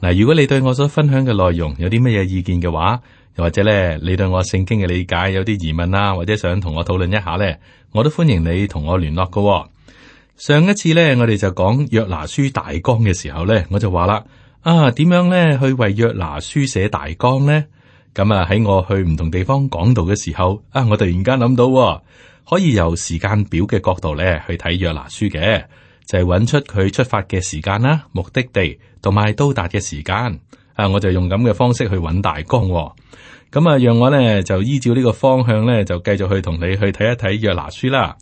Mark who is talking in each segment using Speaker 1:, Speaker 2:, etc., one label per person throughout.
Speaker 1: 嗱，如果你對我所分享嘅內容有啲乜嘢意見嘅話，又或者咧，你對我聖經嘅理解有啲疑問啊，或者想同我討論一下咧，我都歡迎你同我聯絡㗎喎。上一次咧，我哋就講約拿書大綱嘅時候咧，我就話啦，啊，點樣咧去為約拿書寫大綱咧？咁啊，喺我去唔同地方講道嘅時候，啊，我突然間諗到，可以由時間表嘅角度咧去睇約拿書嘅。就係揾出佢出發嘅時間啦、目的地同埋到達嘅時間，啊，我就用咁嘅方式去揾大綱、哦。咁啊，讓我咧就依照呢個方向咧，就繼續去同你去睇一睇約拿書啦。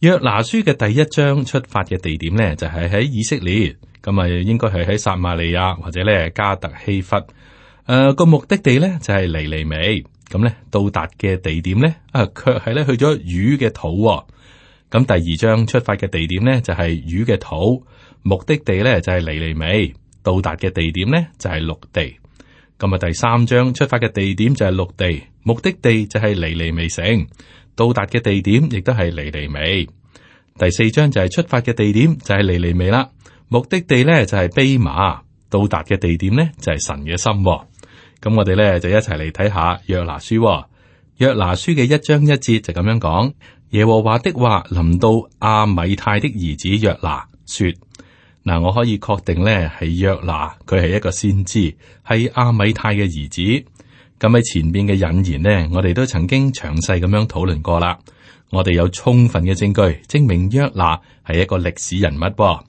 Speaker 1: 約拿書嘅第一章出發嘅地點咧，就係、是、喺以色列，咁啊，應該係喺撒馬利亞或者咧加特希弗。誒、呃，個目的地咧就係、是、尼尼微，咁咧到達嘅地點咧啊，卻係咧去咗魚嘅肚、哦。咁第二章出發嘅地點呢，就係魚嘅肚，目的地呢，就係尼尼微；到達嘅地點呢，就係陸地。咁啊第三章出發嘅地點就係陸地，目的地就係尼尼微城；到達嘅地點亦都係尼尼微。第四章就係出發嘅地點就係尼尼微啦，目的地呢，就係蓖麻，到達嘅地點呢，就係神嘅心。咁我哋呢，就一齊嚟睇下約拿書，約拿書嘅一章一節就咁樣講。耶和華的話臨到阿米泰的兒子約拿，說：嗱，我可以確定呢係約拿佢係一個先知，係阿米泰嘅兒子。咁喺前邊嘅引言呢，我哋都曾經詳細咁樣討論過啦。我哋有充分嘅證據證明約拿係一個歷史人物噃。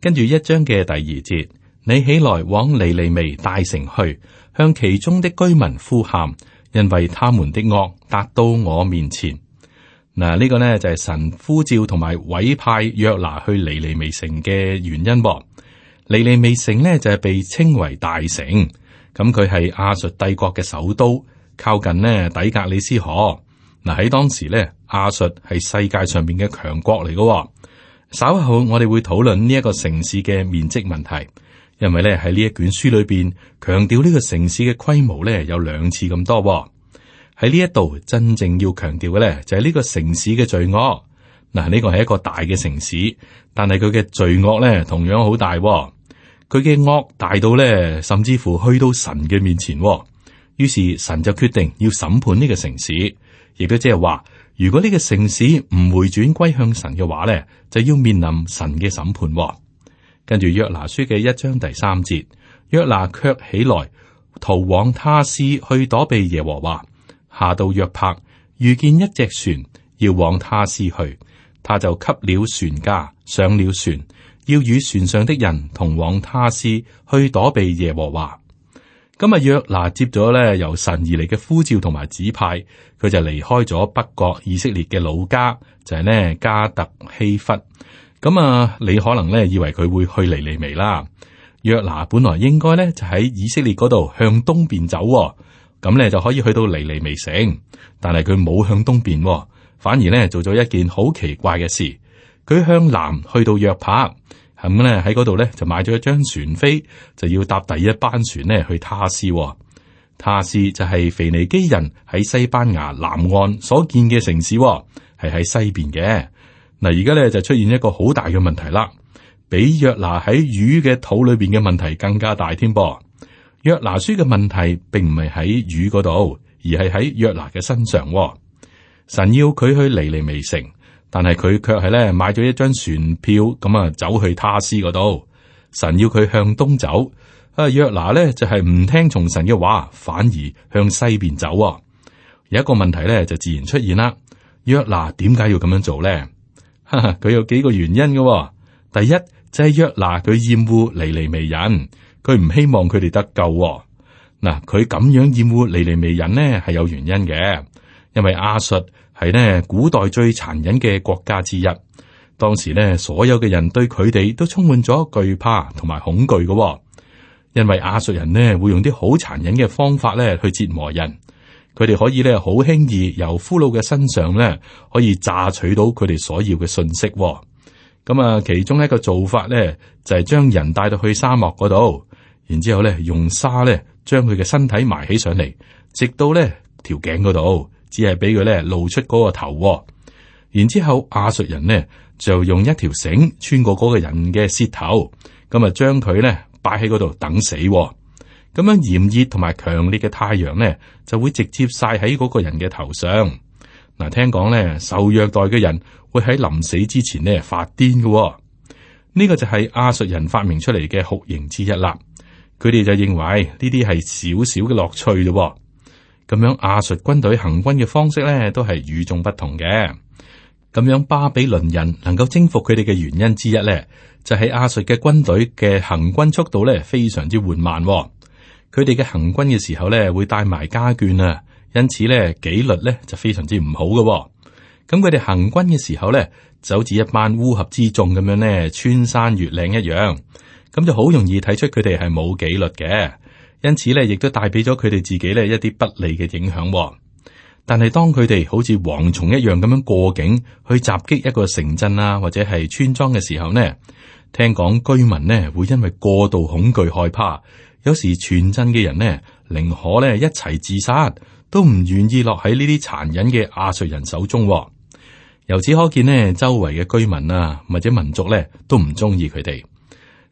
Speaker 1: 跟住一章嘅第二節，你起來往尼尼微大城去，向其中的居民呼喊，因為他們的惡達到我面前。嗱，呢個呢就係神呼召同埋委派約拿去尼尼微城嘅原因。波，尼尼微城呢，就係被稱為大城，咁佢係亞述帝國嘅首都，靠近呢底格里斯河。嗱，喺當時呢，亞述係世界上面嘅強國嚟嘅。稍後我哋會討論呢一個城市嘅面積問題，因為咧喺呢一卷書裏邊強調呢個城市嘅規模咧有兩次咁多。喺呢一度真正要強調嘅咧，就係、是、呢個城市嘅罪惡嗱。呢個係一個大嘅城市，但係佢嘅罪惡咧同樣好大，哦。佢嘅惡大到咧，甚至乎去到神嘅面前，哦。於是神就決定要審判呢個城市。亦都即係話，如果呢個城市唔回轉歸向神嘅話咧，就要面臨神嘅審判，哦。跟住約拿書嘅一章第三節，約拿卻起來逃往他施去躲避耶和華。下到約帕，遇見一隻船，要往他斯去，他就給了船家上了船，要與船上的人同往他斯去躲避耶和華。今日約拿接咗咧由神而嚟嘅呼召、同埋指派，佢就離開咗北國以色列嘅老家，就係呢加特希弗。咁啊，你可能咧以為佢會去尼尼微啦。約拿本來應該咧就喺以色列嗰度向東邊走。咁咧就可以去到尼尼微城，但係佢冇向東邊，反而咧做咗一件好奇怪嘅事，佢向南去到約帕，咁咧喺嗰度咧就買咗一張船飛，就要搭第一班船咧去塔斯。塔斯就係腓尼基人喺西班牙南岸所建嘅城市，係喺西邊嘅。嗱，而家咧就出現一個好大嘅問題啦，比約拿喺魚嘅肚裏邊嘅問題更加大添噃。約拿書嘅問題並唔係喺魚嗰度，而係喺約拿嘅身上、哦。神要佢去尼尼微城，但係佢卻係咧買咗一張船票，咁啊走去他施嗰度。神要佢向東走，啊約拿咧就係、是、唔聽從神嘅話，反而向西邊走、哦。有一個問題咧就自然出現啦。約拿點解要咁樣做咧？佢有幾個原因嘅、哦。第一就係、是、約拿佢厭惡尼尼微人。佢唔希望佢哋得救嗱、哦，佢咁樣厭惡尼尼微人呢係有原因嘅。因為亞述係呢古代最殘忍嘅國家之一，當時呢，所有嘅人對佢哋都充滿咗懼怕同埋恐懼嘅、哦。因為亞述人呢會用啲好殘忍嘅方法咧去折磨人，佢哋可以咧好輕易由俘虜嘅身上咧可以榨取到佢哋所要嘅信息、哦。咁啊，其中一個做法咧，就係將人帶到去沙漠嗰度，然之後咧，用沙咧將佢嘅身體埋起上嚟，直到咧條頸嗰度，只係俾佢咧露出嗰個頭。然之後亞述人呢，就用一條繩穿過嗰個人嘅舌頭，咁啊將佢咧擺喺嗰度等死。咁樣炎熱同埋強烈嘅太陽咧，就會直接曬喺嗰個人嘅頭上。嗱，聽講咧，受虐待嘅人會喺臨死之前咧發癲嘅，呢個就係亞述人發明出嚟嘅酷刑之一啦。佢哋就認為呢啲係少少嘅樂趣啫。咁樣亞述軍隊行軍嘅方式呢都係與眾不同嘅。咁樣巴比倫人能夠征服佢哋嘅原因之一呢，就係亞述嘅軍隊嘅行軍速度呢非常之緩慢。佢哋嘅行軍嘅時候呢，會帶埋家眷啊。因此咧，紀律咧就非常之唔好嘅。咁佢哋行軍嘅時候咧，就好似一班烏合之眾咁樣咧，穿山越嶺一樣。咁就好容易睇出佢哋係冇紀律嘅。因此咧，亦都帶俾咗佢哋自己咧一啲不利嘅影響。但係當佢哋好似蝗蟲一樣咁樣過境去襲擊一個城鎮啊，或者係村莊嘅時候呢，聽講居民呢會因為過度恐懼害怕，有時全鎮嘅人呢，寧可咧一齊自殺。都唔願意落喺呢啲殘忍嘅亞述人手中。哦，由此可見呢周圍嘅居民啊，或者民族咧，都唔中意佢哋。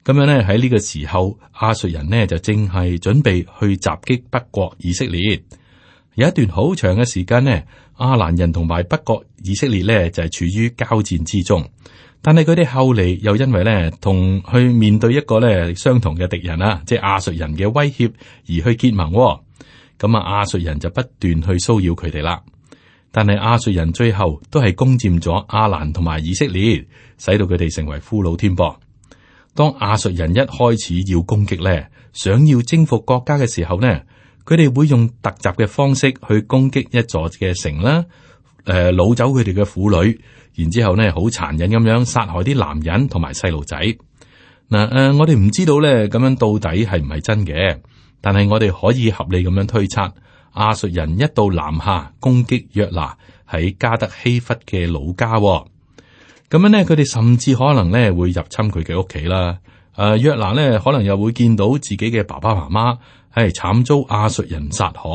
Speaker 1: 咁樣呢，喺呢個時候，亞述人呢，就正係準備去襲擊北國以色列。有一段好長嘅時間呢，亞蘭人同埋北國以色列呢，就係、是、處於交戰之中。但係佢哋後嚟又因為呢，同去面對一個呢相同嘅敵人啊，即係亞述人嘅威脅，而去結盟，哦。咁啊，亞述人就不斷去騷擾佢哋啦。但係亞述人最後都係攻占咗亞蘭同埋以色列，使到佢哋成為俘虜添噃。當亞述人一開始要攻擊咧，想要征服國家嘅時候呢，佢哋會用突襲嘅方式去攻擊一座嘅城啦。誒，擄走佢哋嘅婦女，然之後咧好殘忍咁樣殺害啲男人同埋細路仔。嗱、呃、誒，我哋唔知道咧，咁樣到底係唔係真嘅？但係我哋可以合理咁樣推測，亞述人一到南下攻擊約拿喺加德希弗嘅老家，哦，咁樣呢，佢哋甚至可能呢會入侵佢嘅屋企啦。誒、啊，約拿呢可能又會見到自己嘅爸爸媽媽係慘遭亞述人殺害，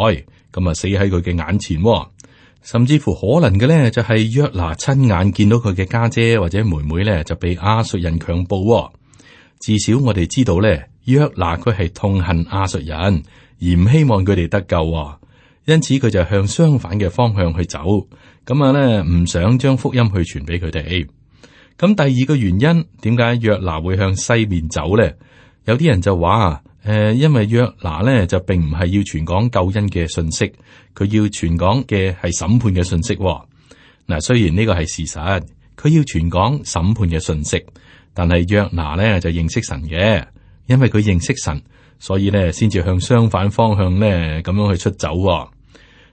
Speaker 1: 咁啊死喺佢嘅眼前，哦。甚至乎可能嘅呢，就係、是、約拿親眼見到佢嘅家姐或者妹妹呢，就被亞述人強暴，哦。至少我哋知道呢。約拿佢係痛恨亞述人，而唔希望佢哋得救，因此佢就向相反嘅方向去走。咁啊咧，唔想將福音去傳俾佢哋。咁第二個原因，點解約拿會向西面走咧？有啲人就話誒、呃，因為約拿咧就並唔係要傳講救恩嘅信息，佢要傳講嘅係審判嘅信息。嗱，雖然呢個係事實，佢要傳講審判嘅信息，但係約拿咧就認識神嘅。因為佢認識神，所以咧，先至向相反方向咧咁樣去出走。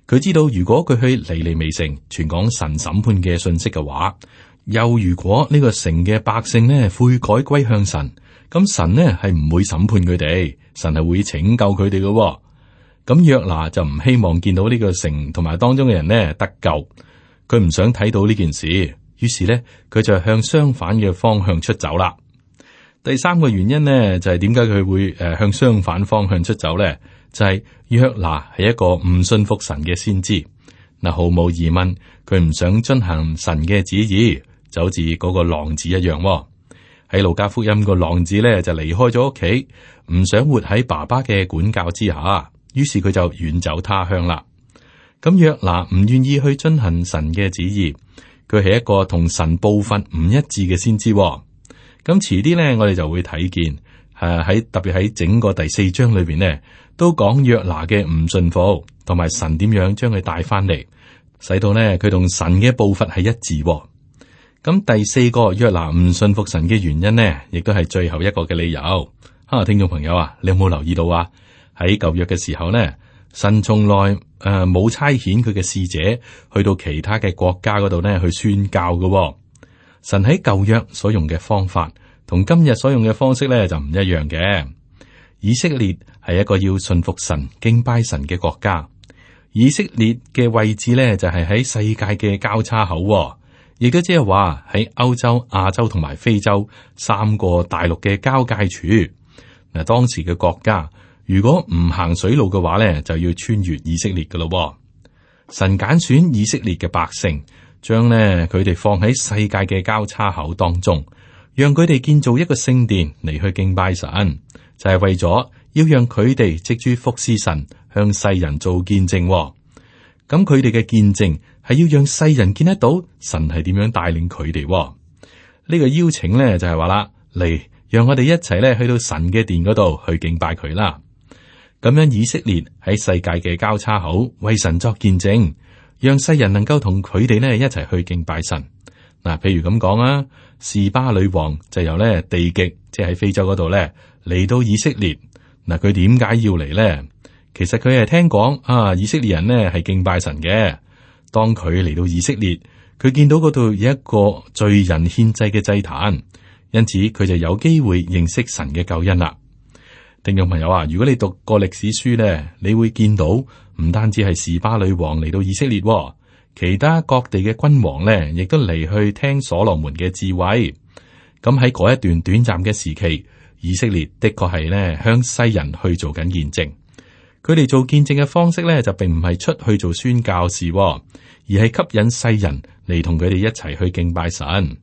Speaker 1: 佢知道，如果佢去尼尼微城傳講神審判嘅信息嘅話，又如果呢個城嘅百姓咧悔改歸向神，咁神咧係唔會審判佢哋，神係會拯救佢哋嘅。咁約拿就唔希望見到呢個城同埋當中嘅人咧得救，佢唔想睇到呢件事，於是呢，佢就向相反嘅方向出走啦。第三個原因呢，就係點解佢會誒向相反方向出走呢？就係、是、約拿係一個唔信服神嘅先知，嗱，毫無疑問，佢唔想遵行神嘅旨意，就好似嗰個浪子一樣。喺路加福音個浪子呢，就離開咗屋企，唔想活喺爸爸嘅管教之下，於是佢就遠走他鄉啦。咁約拿唔願意去遵行神嘅旨意，佢係一個同神部分唔一致嘅先知。咁遲啲咧，我哋就會睇見，誒喺特別喺整個第四章裏邊咧，都講約拿嘅唔信服，同埋神點樣將佢帶翻嚟，使到咧佢同神嘅步伐係一致哦。咁第四個約拿唔信服神嘅原因咧，亦都係最後一個嘅理由。哈，聽眾朋友啊，你有冇留意到啊？喺舊約嘅時候咧，神從來誒冇差遣佢嘅使者去到其他嘅國家嗰度咧去宣教噶哦。神喺舊約所用嘅方法，同今日所用嘅方式咧就唔一樣嘅。以色列係一個要信服神、敬拜神嘅國家。以色列嘅位置咧就係喺世界嘅交叉口，亦都即係話喺歐洲、亞洲同埋非洲三個大陸嘅交界處。嗱，當時嘅國家如果唔行水路嘅話咧，就要穿越以色列㗎喇。神揀選以色列嘅百姓。將咧佢哋放喺世界嘅交叉口當中，讓佢哋建造一個聖殿嚟去敬拜神，就係、是、為咗要讓佢哋藉住福侍神向世人做見證。咁佢哋嘅見證係要讓世人見得到神係點樣帶領佢哋。呢、這個邀請咧就係話啦，嚟讓我哋一齊咧去到神嘅殿嗰度去敬拜佢啦。咁樣以色列喺世界嘅交叉口為神作見證。讓世人能夠同佢哋咧一齊去敬拜神嗱，譬如咁講啊，士巴女王就由咧地極即係喺非洲嗰度咧嚟到以色列嗱。佢點解要嚟呢？其實佢係聽講啊，以色列人咧係敬拜神嘅。當佢嚟到以色列，佢見到嗰度有一個罪人獻祭嘅祭壇，因此佢就有機會認識神嘅救恩啦。聽眾朋友啊，如果你讀過歷史書咧，你會見到唔單止係示巴女王嚟到以色列，哦，其他各地嘅君王咧，亦都嚟去聽所羅門嘅智慧。咁喺嗰一段短暫嘅時期，以色列的確係咧向世人去做緊見證。佢哋做見證嘅方式咧，就並唔係出去做宣教士，哦，而係吸引世人嚟同佢哋一齊去敬拜神。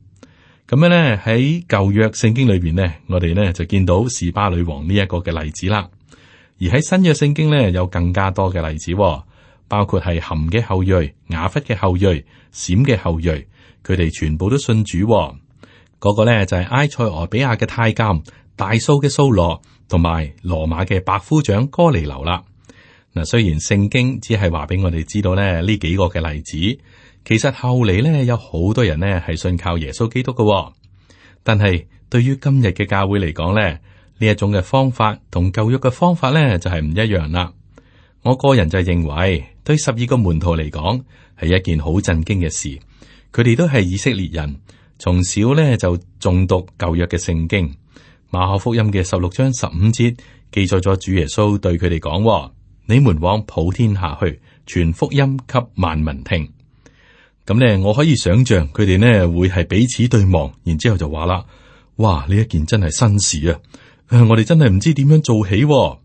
Speaker 1: 咁樣咧喺舊約聖經裏邊呢，我哋呢就見到示巴女王呢一個嘅例子啦。而喺新約聖經呢，有更加多嘅例子，包括係含嘅後裔、雅弗嘅後裔、閃嘅後裔，佢哋全部都信主。嗰、那個呢，就係埃塞俄比亞嘅太監、大數嘅掃羅，同埋羅馬嘅百夫長哥尼流啦。嗱，雖然聖經只係話俾我哋知道咧呢幾個嘅例子。其實後嚟咧，有好多人呢係信靠耶穌基督嘅、哦，但係對於今日嘅教會嚟講咧，呢一種嘅方法同舊約嘅方法咧就係唔一樣啦。我個人就認為，對十二個門徒嚟講係一件好震驚嘅事。佢哋都係以色列人，從小咧就誦讀舊約嘅聖經。馬可福音嘅十六章十五節記載咗主耶穌對佢哋講：，你們往普天下去，傳福音給萬民聽。咁咧，我可以想象佢哋呢會係彼此對望，然之後就話啦：，哇，呢一件真係新事啊！我哋真係唔知點樣做起、啊。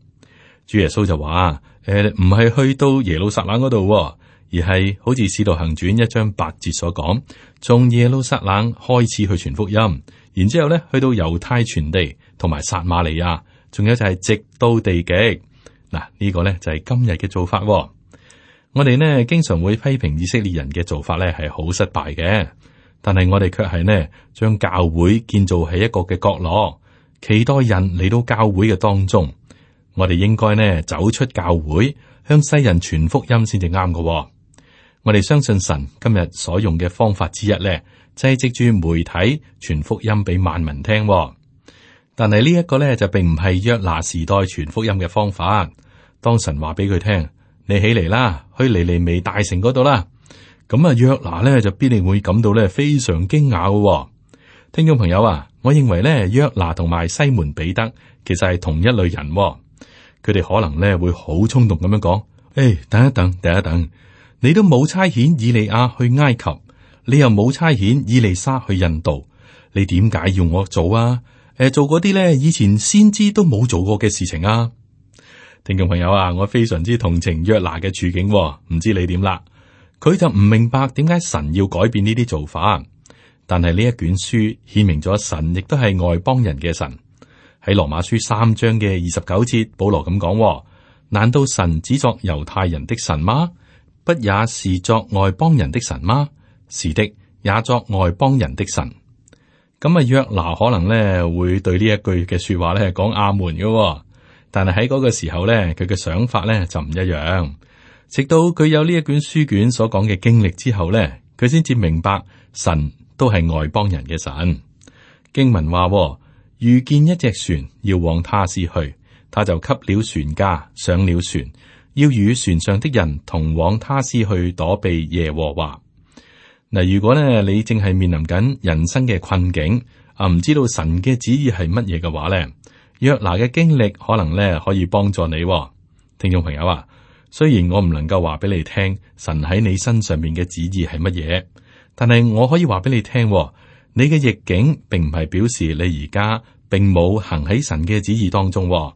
Speaker 1: 主耶穌就話：，誒、呃，唔係去到耶路撒冷嗰度、啊，而係好似《使徒行傳》一章八節所講，從耶路撒冷開始去傳福音，然之後咧去到猶太全地，同埋撒瑪利亞，仲有就係直到地極。嗱、這個，呢個咧就係、是、今日嘅做法、啊。我哋呢，經常會批評以色列人嘅做法呢係好失敗嘅。但係我哋卻係呢，將教會建造喺一個嘅角落，期待人嚟到教會嘅當中。我哋應該呢，走出教會，向世人傳福音先至啱嘅。我哋相信神今日所用嘅方法之一呢，就係藉住媒體傳福音俾萬民聽。但係呢一個呢，就並唔係約拿時代傳福音嘅方法。當神話俾佢聽。你起嚟啦，去尼尼微大城嗰度啦。咁啊，約拿咧就必定會感到咧非常驚訝嘅。聽眾朋友啊，我認為咧約拿同埋西門彼得其實係同一類人，哦，佢哋可能咧會好衝動咁樣講：誒，hey，等一等，等一等，你都冇差遣以利亞去埃及，你又冇差遣以利沙去印度，你點解要我做啊？誒，做嗰啲咧以前先知都冇做過嘅事情啊！聽眾朋友啊，我非常之同情約拿嘅處境，啊，唔知你點啦？佢就唔明白點解神要改變呢啲做法。但係呢一卷書顯明咗神亦都係外邦人嘅神。喺羅馬書三章嘅二十九節，保羅咁講：難道神只作猶太人的神嗎？不也是作外邦人的神嗎？是的，也作外邦人的神。咁啊，約拿可能咧會對呢一句嘅說話咧講阿門嘅，啊。但係喺嗰個時候呢，佢嘅想法呢就唔一樣。直到佢有呢一卷書卷所講嘅經歷之後呢，佢先至明白神都係外邦人嘅神。經文話：遇見一隻船要往他施去，他就給了船家上了船，要與船上的人同往他施去躲避耶和華。嗱，如果呢，你正係面臨緊人生嘅困境，啊唔知道神嘅旨意係乜嘢嘅話呢。約拿嘅經歷可能咧，可以幫助你、哦、聽眾朋友啊。雖然我唔能夠話俾你聽神喺你身上面嘅旨意係乜嘢，但係我可以話俾你聽、哦，你嘅逆境並唔係表示你而家並冇行喺神嘅旨意當中、哦。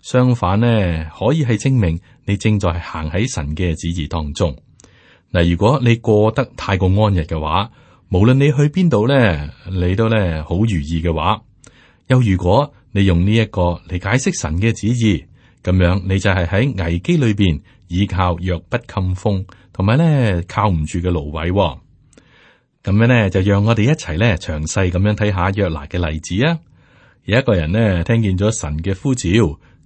Speaker 1: 相反呢，可以係證明你正在行喺神嘅旨意當中嗱。如果你過得太過安逸嘅話，無論你去邊度咧，你都咧好如意嘅話，又如果。你用呢一個嚟解釋神嘅旨意，咁樣你就係喺危機裏邊倚靠弱不禁風，同埋咧靠唔住嘅蘆葦。咁樣咧就讓我哋一齊咧詳細咁樣睇下約拿嘅例子啊！有一個人咧聽見咗神嘅呼召，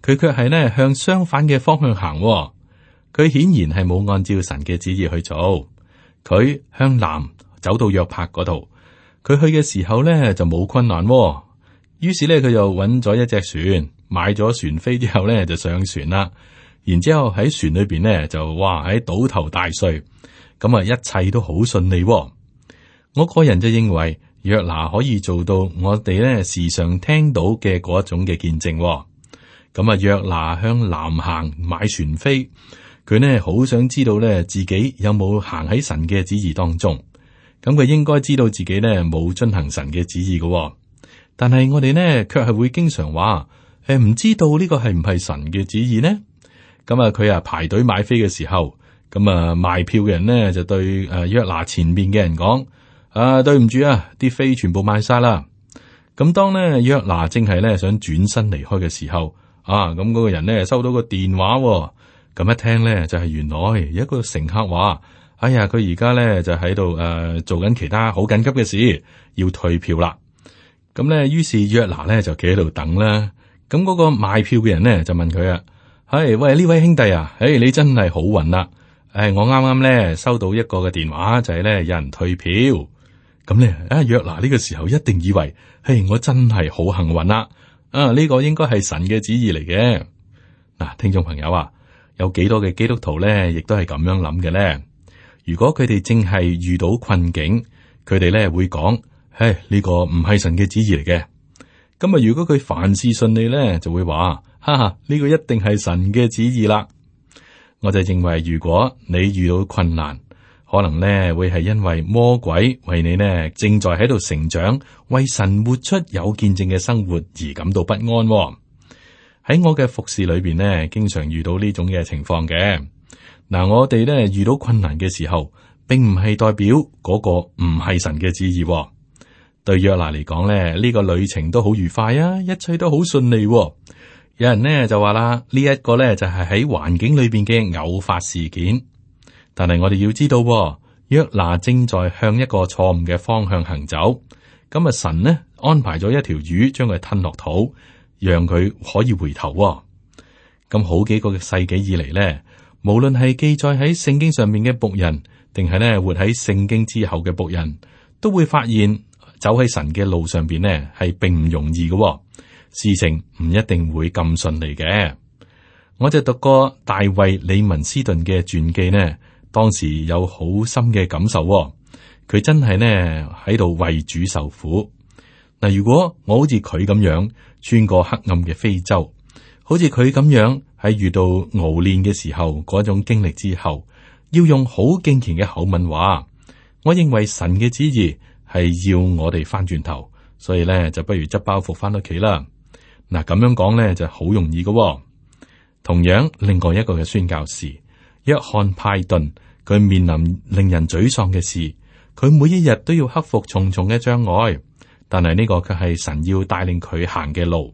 Speaker 1: 佢卻係咧向相反嘅方向行、哦，佢顯然係冇按照神嘅旨意去做。佢向南走到約帕嗰度，佢去嘅時候咧就冇困難、哦。於是咧，佢就揾咗一隻船，買咗船飛之後咧，就上船啦。然之後喺船裏邊咧，就哇喺倒頭大睡，咁啊，一切都好順利、哦。我個人就認為，約拿可以做到我哋咧時常聽到嘅嗰種嘅見證，咁啊，約拿向南行買船飛，佢呢好想知道咧自己有冇行喺神嘅旨意當中，咁佢應該知道自己咧冇遵行神嘅旨意嘅、哦。但係我哋呢，卻係會經常話，誒、呃，唔知道呢個係唔係神嘅旨意呢？咁、嗯、啊，佢啊排隊買飛嘅時候，咁、嗯、啊賣票嘅人呢就對誒、呃、約拿前面嘅人講，啊，對唔住啊，啲飛全部賣晒啦。咁當呢約拿正係呢想轉身離開嘅時候，啊，咁、那、嗰個人呢收到個電話、哦，咁、嗯、一聽呢就係、是、原來有一個乘客話，哎呀，佢而家呢就喺度誒做緊其他好緊急嘅事，要退票啦。咁咧，於是約拿咧就企喺度等啦。咁、那、嗰個賣票嘅人咧就問佢啊：，係、哎、喂，呢位兄弟啊，誒、哎、你真係好運啦、啊！誒、哎、我啱啱咧收到一個嘅電話，就係、是、咧有人退票。咁咧啊約拿呢個時候一定以為，嘿、哎、我真係好幸運啦、啊！啊呢、這個應該係神嘅旨意嚟嘅。嗱，聽眾朋友啊，有幾多嘅基督徒咧，亦都係咁樣諗嘅咧。如果佢哋淨係遇到困境，佢哋咧會講。唉，呢個唔係神嘅旨意嚟嘅。咁啊，如果佢凡事順利咧，就會話：，哈哈，呢個一定係神嘅旨意啦。我就認為，如果你遇到困難，可能咧會係因為魔鬼為你呢正在喺度成長，為神活出有見證嘅生活而感到不安喎。喺我嘅服侍裏邊呢，經常遇到呢種嘅情況嘅。嗱，我哋咧遇到困難嘅時候，並唔係代表嗰個唔係神嘅旨意。對約拿嚟講咧，呢、這個旅程都好愉快啊，一切都好順利，哦。有人呢就話啦，呢、這、一個呢就係喺環境裏邊嘅偶發事件。但係我哋要知道，約拿正在向一個錯誤嘅方向行走。咁呀神咧安排咗一條魚將佢吞落肚，讓佢可以回頭，哦。咁好幾個嘅世紀以嚟呢，無論係記載喺聖經上面嘅僕人，定係咧活喺聖經之後嘅僕人都會發現。走喺神嘅路上邊呢係並唔容易嘅事情，唔一定會咁順利嘅。我就讀過大衛李文斯頓嘅傳記呢，當時有好深嘅感受。佢真係呢喺度為主受苦。嗱，如果我好似佢咁樣穿過黑暗嘅非洲，好似佢咁樣喺遇到熬練嘅時候嗰種經歷之後，要用好敬虔嘅口吻話，我認為神嘅旨意，係要我哋翻轉頭，所以咧就不如執包袱翻屋企啦。嗱，咁樣講咧就好容易噶、哦。同樣，另外一個嘅宣教士約翰派頓，佢面臨令人沮喪嘅事，佢每一日都要克服重重嘅障礙。但係呢個卻係神要帶領佢行嘅路，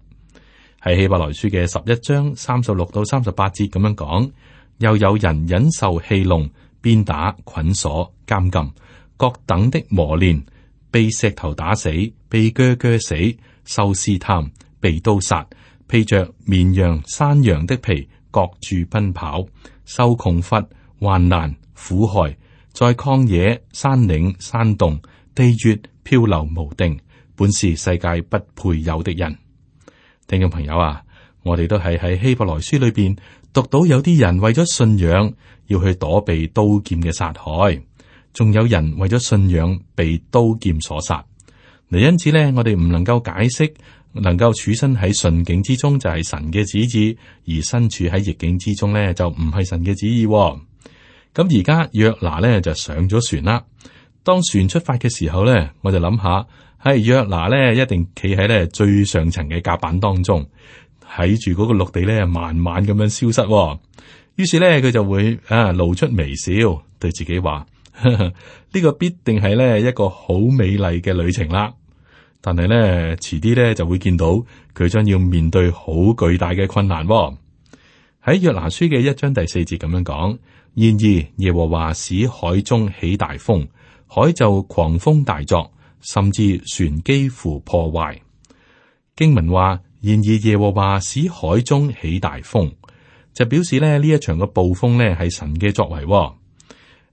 Speaker 1: 喺希伯來書嘅十一章三十六到三十八節咁樣講。又有人忍受戲弄、鞭打、捆鎖、監禁、各等的磨練。被石頭打死，被鋸鋸死，受試探，被刀殺，披着綿羊、山羊的皮，各處奔跑，受窮乏，患難苦害，在曠野、山嶺、山洞、地穴漂流無定，本是世界不配有的人。聽眾朋友啊，我哋都係喺希伯來書裏邊讀到有啲人為咗信仰要去躲避刀劍嘅殺害。仲有人為咗信仰被刀劍所殺，嚟，因此咧，我哋唔能夠解釋能夠處身喺順境之中就係神嘅旨意，而身處喺逆境之中咧就唔係神嘅旨意。咁而家約拿咧就上咗船啦。當船出發嘅時候咧，我就諗下係約拿咧一定企喺咧最上層嘅甲板當中，睇住嗰個陸地咧慢慢咁樣消失。於是咧佢就會啊露出微笑，對自己話。呢 個必定係呢一個好美麗嘅旅程啦，但係呢，遲啲呢就會見到佢將要面對好巨大嘅困難。喺約拿書嘅一章第四節咁樣講，然而耶和華使海中起大風，海就狂風大作，甚至船幾乎破壞。經文話，然而耶和華使海中起大風，就表示呢呢一場嘅暴風呢係神嘅作為。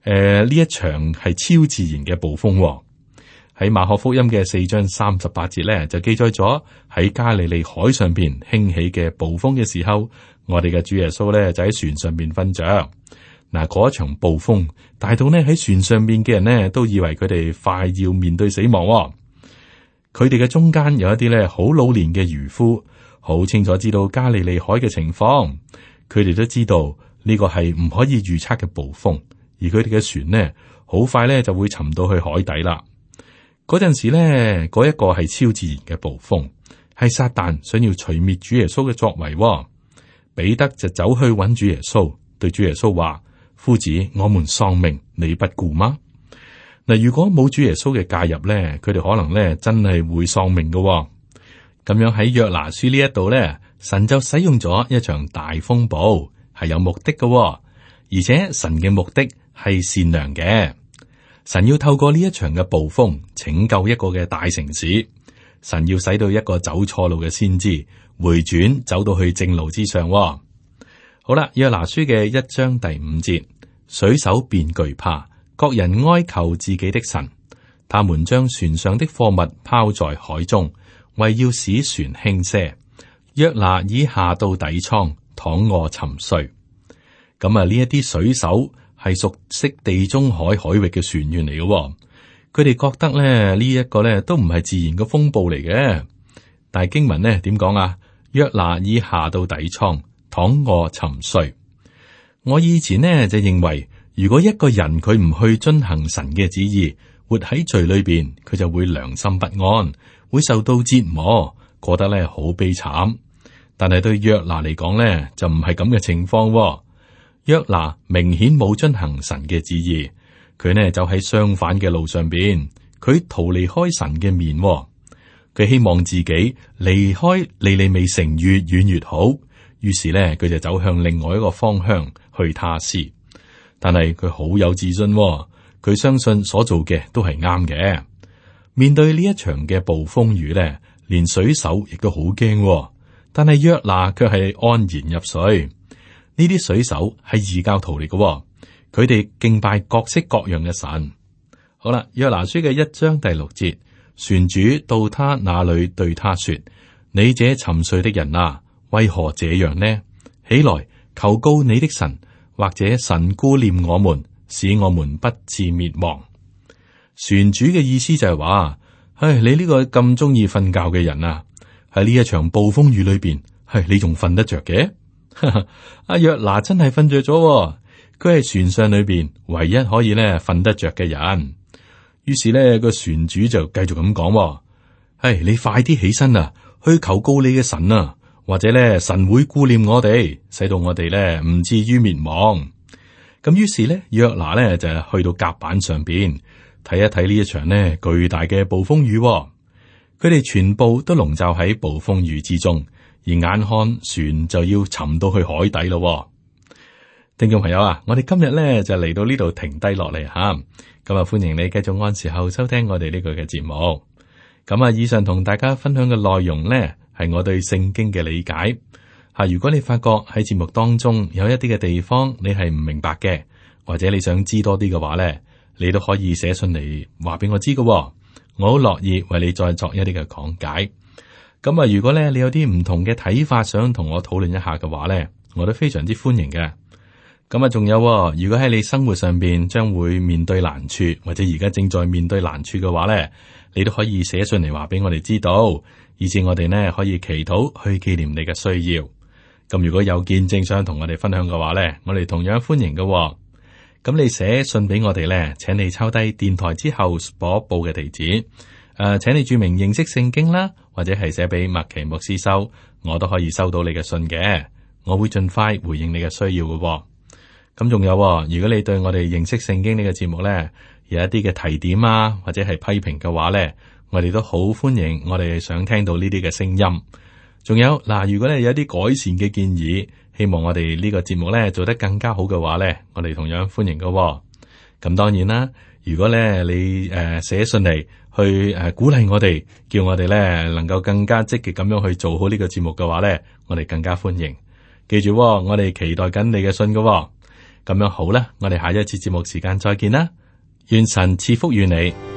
Speaker 1: 誒，呢、呃、一場係超自然嘅暴風喎。喺馬可福音嘅四章三十八節咧，就記載咗喺加利利海上邊興起嘅暴風嘅時候，我哋嘅主耶穌咧就喺船上邊瞓着嗱。嗰一場暴風大到呢喺船上邊嘅人呢，都以為佢哋快要面對死亡，哦。佢哋嘅中間有一啲咧好老年嘅漁夫，好清楚知道加利利海嘅情況，佢哋都知道呢、呢個係唔可以預測嘅暴風。而佢哋嘅船呢，好快呢就會沉到去海底啦。嗰陣時呢，嗰一個係超自然嘅暴風，係撒旦想要除滅主耶穌嘅作為。彼得就走去揾主耶穌，對主耶穌話：「夫子，我們喪命，你不顧嗎？嗱，如果冇主耶穌嘅介入呢，佢哋可能呢真係會喪命嘅。咁樣喺約拿書呢一度呢，神就使用咗一場大風暴，係有目的嘅，而且神嘅目的。係善良嘅，神要透過呢一場嘅暴風拯救一個嘅大城市，神要使到一個走錯路嘅先知回轉，走到去正路之上。哦。好啦，約拿書嘅一章第五節，水手便懼怕，各人哀求自己的神，他們將船上的貨物拋在海中，為要使船輕些。約拿已下到底倉躺臥沉睡。咁啊，呢一啲水手。係熟悉地中海海域嘅船員嚟嘅，佢哋覺得咧呢一個咧都唔係自然嘅風暴嚟嘅。但係經文咧點講啊？約拿已下到底艙躺臥沉睡。我以前呢就認為，如果一個人佢唔去遵行神嘅旨意，活喺罪裏邊，佢就會良心不安，會受到折磨，過得咧好悲慘。但係對約拿嚟講咧就唔係咁嘅情況。約拿明顯冇遵行神嘅旨意，佢呢就喺相反嘅路上邊，佢逃離開神嘅面、哦，佢希望自己離開尼尼微城越遠越好。於是呢，佢就走向另外一個方向去他施。但係佢好有自信、哦，佢相信所做嘅都係啱嘅。面對呢一場嘅暴風雨呢，連水手亦都好驚、哦，但係約拿卻係安然入水。呢啲水手係異教徒嚟嘅，佢哋敬拜各式各樣嘅神。好啦，約拿書嘅一章第六節，船主到他那裏對他說：，你這沉睡的人啊，為何這樣呢？起來，求告你的神，或者神顧念我們，使我們不致滅亡。船主嘅意思就係話：，唉，你呢個咁中意瞓覺嘅人啊，喺呢一場暴風雨裏邊，唉，你仲瞓得着嘅？阿約拿真係瞓着咗，佢係船上裏邊唯一可以咧瞓得着嘅人。於是咧個船主就繼續咁講：，唉、哎，你快啲起身啊，去求告你嘅神啊，或者咧神會顧念我哋，使到我哋咧唔至於滅亡。咁於是咧約拿咧就去到甲板上邊睇一睇呢一場咧巨大嘅暴風雨，佢哋全部都籠罩喺暴風雨之中。而眼看船就要沉到去海底咯。哦，聽眾朋友啊，我哋今日咧就嚟到呢度停低落嚟吓，咁啊歡迎你繼續按時候收聽我哋呢個嘅節目。咁啊，以上同大家分享嘅內容咧係我對聖經嘅理解吓，啊。如果你發覺喺節目當中有一啲嘅地方你係唔明白嘅，或者你想知多啲嘅話咧，你都可以寫信嚟話俾我知嘅，我好樂意為你再作一啲嘅講解。咁啊，如果咧你有啲唔同嘅睇法，想同我討論一下嘅話咧，我都非常之歡迎嘅。咁啊，仲有，如果喺你生活上邊將會面對難處，或者而家正在面對難處嘅話咧，你都可以寫信嚟話俾我哋知道，以至我哋呢可以祈禱去紀念你嘅需要。咁如果有見證想同我哋分享嘅話咧，我哋同樣歡迎嘅。咁你寫信俾我哋咧，請你抄低電台之後播報嘅地址。誒，請你注明認識聖經啦，或者係寫俾麥奇牧師收，我都可以收到你嘅信嘅。我會盡快回應你嘅需要嘅。咁仲有，如果你對我哋認識聖經呢、這個節目呢有一啲嘅提點啊，或者係批評嘅話呢，我哋都好歡迎。我哋想聽到呢啲嘅聲音。仲有嗱，如果你有一啲改善嘅建議，希望我哋呢個節目呢做得更加好嘅話呢，我哋同樣歡迎嘅。咁當然啦，如果咧你誒寫、呃、信嚟。去誒鼓勵我哋，叫我哋咧能夠更加積極咁樣去做好呢個節目嘅話咧，我哋更加歡迎。記住喎，我哋期待緊你嘅信嘅喎。咁樣好啦，我哋下一次節目時間再見啦。願神賜福與你。